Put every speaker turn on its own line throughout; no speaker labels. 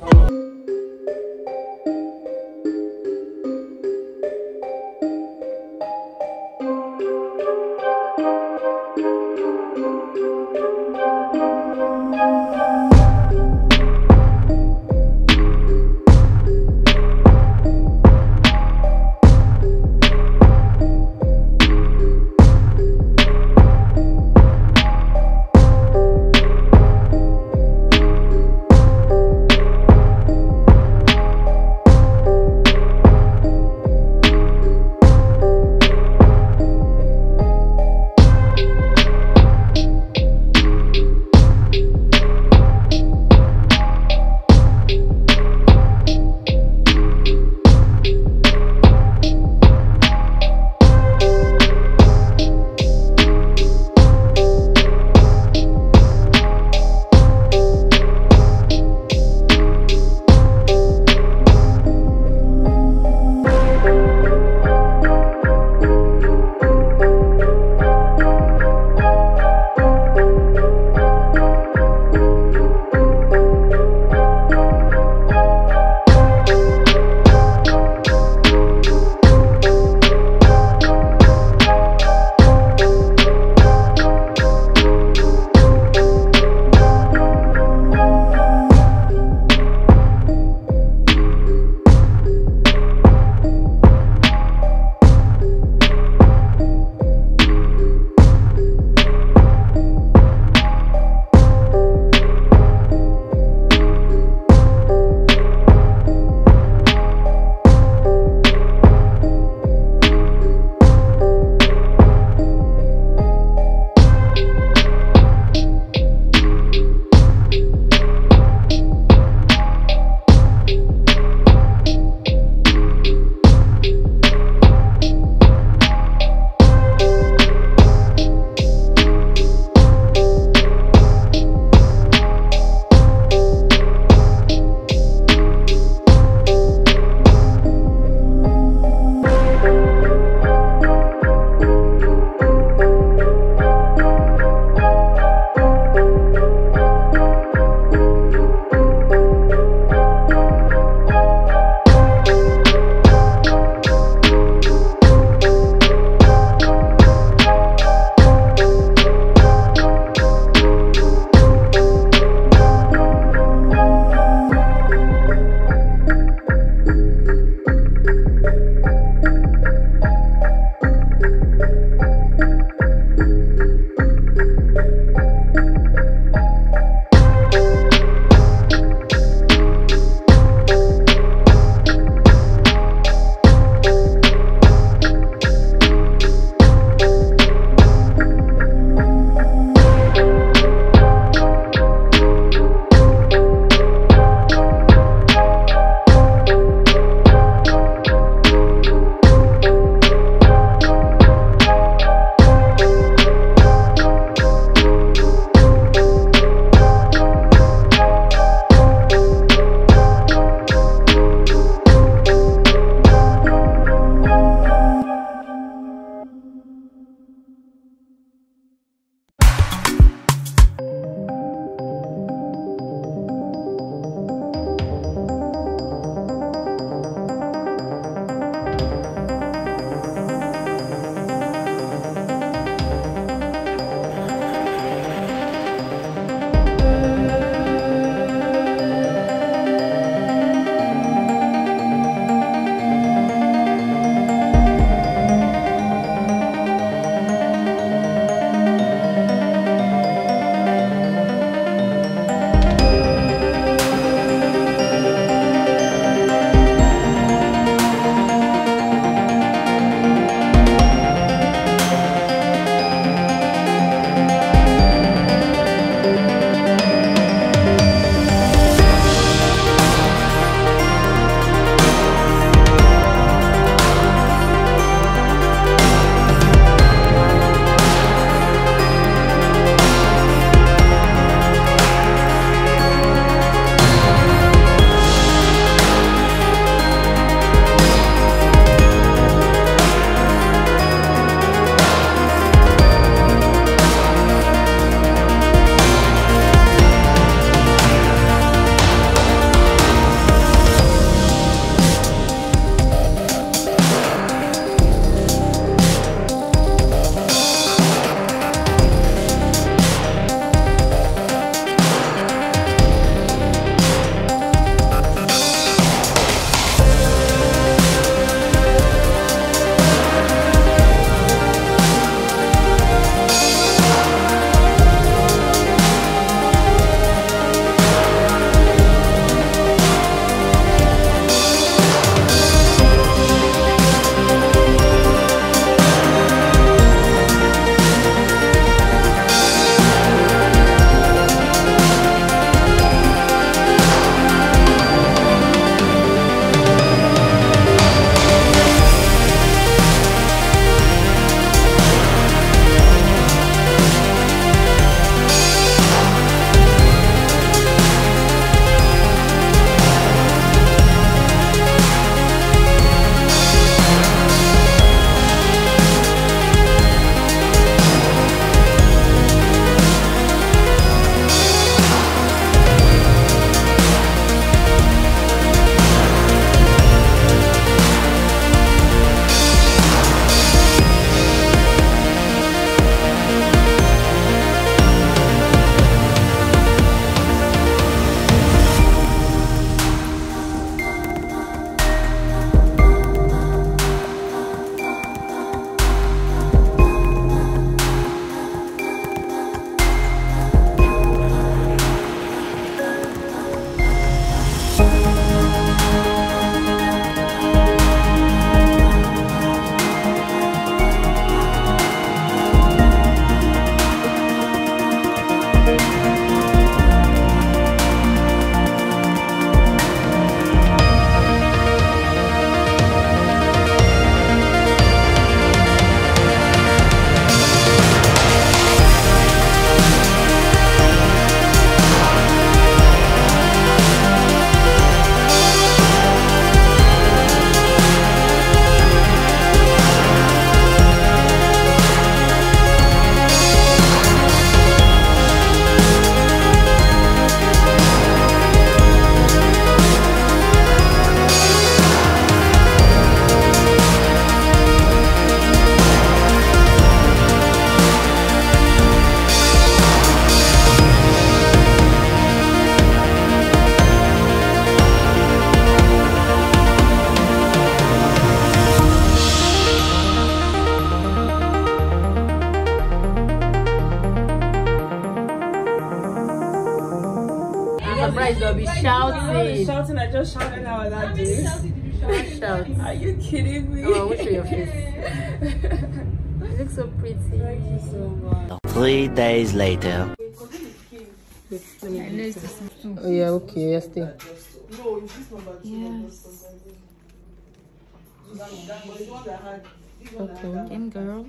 Oh. shouting. I was shouting. I just shouted out that dude. Shout. Are you kidding me? Oh, what's your face? you look so pretty. Thank you so much. Three days later. Oh yeah, okay, yes, stay. No, it's this number two. Yes. Okay. Game girl,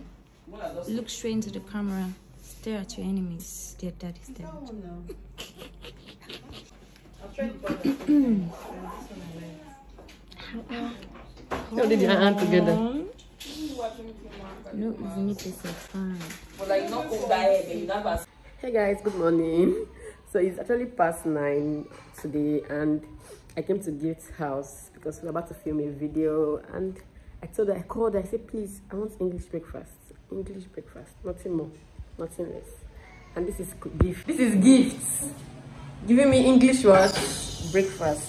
look straight into the camera. Stare at your enemies. Their daddy's dead your
hand together?
is not Hey guys, good morning. So it's actually past nine today, and I came to Gift's house because we're about to film a video. And I told her, I called her, I said, please, I want English breakfast. English breakfast, nothing more, nothing less. And this is gift. This is gifts giving me English words. Breakfast.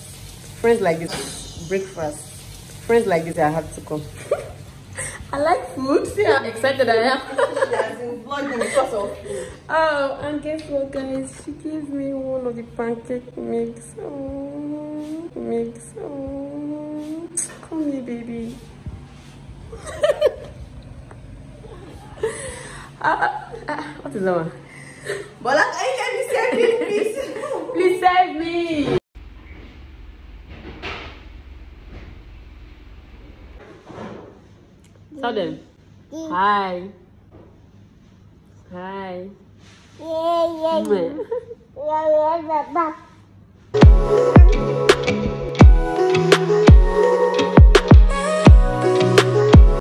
Friends like this. Breakfast. Friends like this, I have to come. I like food. See how excited I am. oh, and guess what, guys? She gave me one of the pancake mix. Oh, mix. Oh, come here, baby. uh, uh, what is that one? Bola, can you send me, please? Please save me. Hi. Hi. Yeah, yeah, yeah. yeah, yeah, yeah.